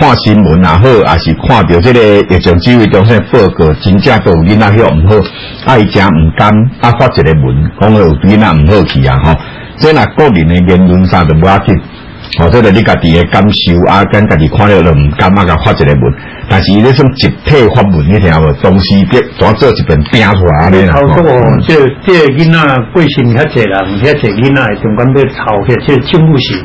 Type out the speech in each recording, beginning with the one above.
看新聞也好，也是看到這個疫情機會，當先報告，真正對囡仔些唔好，愛講唔敢啊發一個文，講有囡仔唔好去啊！吼，這那個人的言論啥都不要緊，我說是你家己的感受啊，跟家己看了了唔敢嘛噶發一個文，但是你說集體發文你聽無，東西，給抓做一本拼出來啊！你那個，嗯，這這囡仔貴姓遐儕啦，遐儕囡仔，盡管被抄去，這政府是。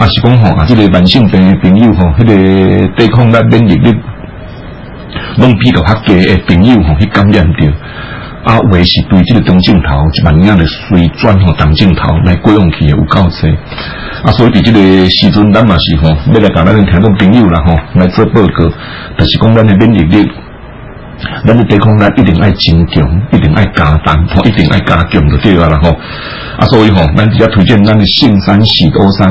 啊，是講吼，啊，即個慢性病朋友吼，迄個抵抗力免疫力，攏比較較低的朋友吼、啊那個啊，去感染着啊，還是對即個中鏡頭，即萬樣的水轉吼，中、啊、鏡頭來過用去的有夠多。啊，所以喺即個時陣，咱嘛，是、啊、吼，要來搞咱咁聽眾朋友啦、啊，來做報告。但、就是講咱的免疫力，咱的抵抗力一定愛強強，一定愛加強，一定愛加強就對了啦，吼啊，所以吼，咱哋比較推薦咱的信山喜多山。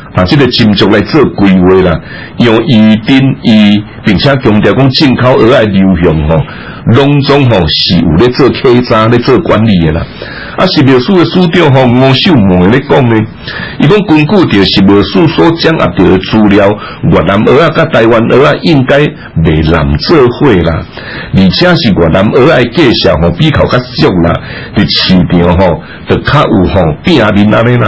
啊！這個斟酌來做規劃啦，用預定以，並且強調講進口蚵仔的流向吼，攏總吼是有嚟做開發、嚟做管理的啦。啊，是密斯的書中吼，吳秀梅嚟講的，伊講根據着是密斯所講阿的資料，越南蚵仔、甲台灣蚵仔，應該袂難做伙啦。而且是越南蚵仔，介紹吼比較比較俗啦，的市場吼就、喔、就較有吼餅面那邊啦。